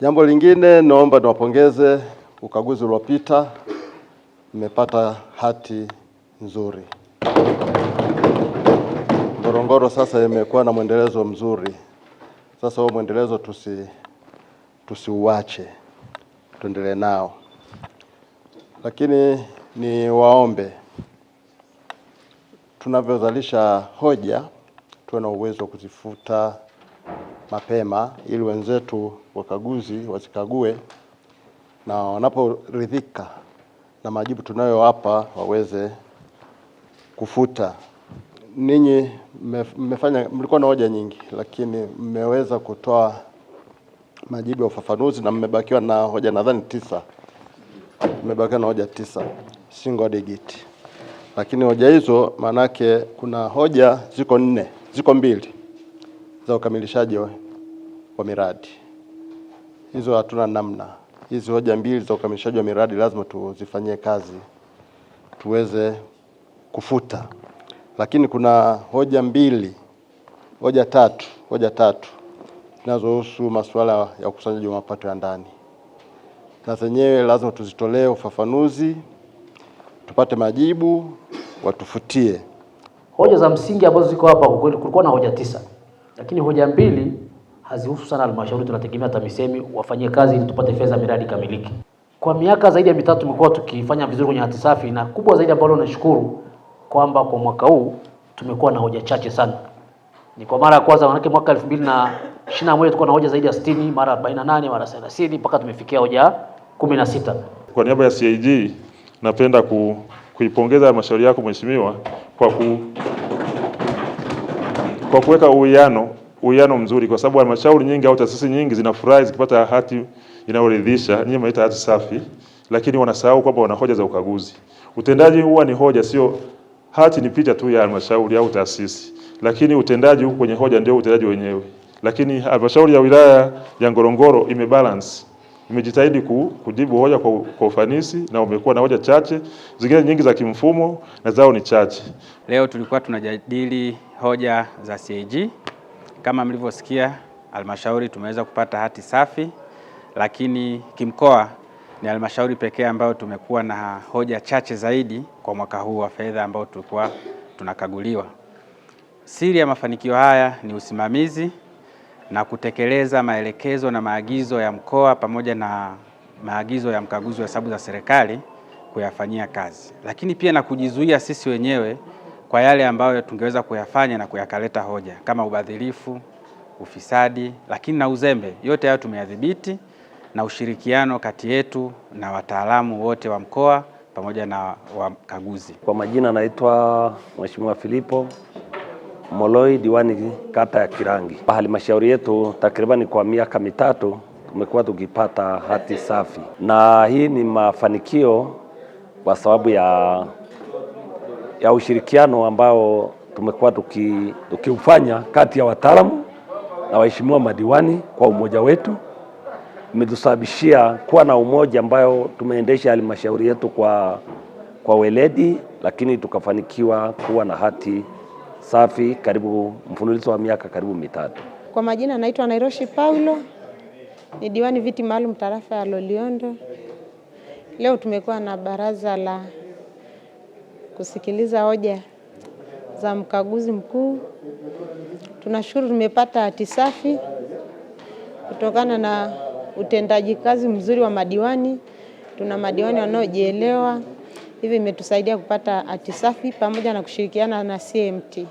Jambo lingine naomba niwapongeze, ukaguzi uliopita mmepata hati nzuri. Ngorongoro sasa imekuwa na mwendelezo mzuri. Sasa huo mwendelezo tusi tusiuache, tuendelee nao, lakini ni waombe tunavyozalisha hoja tuwe na uwezo wa kuzifuta mapema ili wenzetu wakaguzi wazikague na wanaporidhika na majibu tunayowapa waweze kufuta. Ninyi mmefanya mlikuwa na hoja nyingi, lakini mmeweza kutoa majibu ya ufafanuzi na mmebakiwa na hoja nadhani tisa, mmebakiwa na hoja tisa single digit, lakini hoja hizo maanake kuna hoja ziko nne, ziko mbili za ukamilishaji wa, miradi hizo. Hatuna namna, hizi hoja mbili za ukamilishaji wa miradi lazima tuzifanyie kazi tuweze kufuta, lakini kuna hoja mbili, hoja tatu, hoja tatu zinazohusu masuala ya ukusanyaji wa mapato ya ndani, na zenyewe lazima tuzitolee ufafanuzi, tupate majibu, watufutie hoja za msingi ambazo ziko hapa. Kwa kweli kulikuwa na hoja tisa. Lakini hoja mbili hazihusu sana halmashauri, tunategemea TAMISEMI wafanyie kazi ili tupate fedha miradi kamiliki. Kwa miaka zaidi ya mitatu tumekuwa tukifanya vizuri kwenye hati safi, na kubwa zaidi ambalo nashukuru kwamba kwa mwaka huu tumekuwa na hoja chache sana. Ni kwa mara ya kwanza, maanake mwaka 2021 tulikuwa na hoja zaidi ya 60, mara 48, mara 30 mpaka tumefikia hoja 16. Kwa niaba ya CAG napenda ku, kuipongeza halmashauri yako mheshimiwa kwa ku kwa kuweka uwiano uwiano mzuri, kwa sababu halmashauri nyingi au taasisi nyingi zinafurahi zikipata hati inayoridhisha, nyinyi mnaita hati safi, lakini wanasahau kwamba wana hoja za ukaguzi. Utendaji huwa ni hoja, sio hati ni picha tu ya halmashauri au taasisi, lakini utendaji huko kwenye hoja ndio utendaji wenyewe. Lakini halmashauri ya wilaya ya Ngorongoro imebalance Umejitahidi kujibu hoja kwa ufanisi na umekuwa na hoja chache, zingine nyingi za kimfumo na zao ni chache. Leo tulikuwa tunajadili hoja za CAG. Kama mlivyosikia, halmashauri tumeweza kupata hati safi, lakini kimkoa ni halmashauri pekee ambayo tumekuwa na hoja chache zaidi kwa mwaka huu wa fedha ambao tulikuwa tunakaguliwa. Siri ya mafanikio haya ni usimamizi na kutekeleza maelekezo na maagizo ya mkoa pamoja na maagizo ya mkaguzi wa hesabu za serikali kuyafanyia kazi, lakini pia na kujizuia sisi wenyewe kwa yale ambayo tungeweza kuyafanya na kuyakaleta hoja kama ubadhilifu, ufisadi, lakini na uzembe. Yote hayo tumeyadhibiti na ushirikiano kati yetu na wataalamu wote wa mkoa pamoja na wakaguzi. Kwa majina, naitwa Mheshimiwa Filipo Moloi, diwani kata ya Kirangi. Halmashauri yetu takribani kwa miaka mitatu tumekuwa tukipata hati safi, na hii ni mafanikio kwa sababu ya, ya ushirikiano ambao tumekuwa tukiufanya kati ya wataalamu na waheshimiwa madiwani. Kwa umoja wetu umetusababishia kuwa na umoja ambayo tumeendesha halmashauri yetu kwa, kwa weledi, lakini tukafanikiwa kuwa na hati safi karibu mfululizo wa miaka karibu mitatu. Kwa majina naitwa Nairoshi Paulo, ni diwani viti maalum tarafa ya Loliondo. Leo tumekuwa na baraza la kusikiliza hoja za mkaguzi mkuu. Tunashukuru tumepata hati safi kutokana na utendaji kazi mzuri wa madiwani. Tuna madiwani wanaojielewa, hivi imetusaidia kupata hati safi pamoja na kushirikiana na CMT.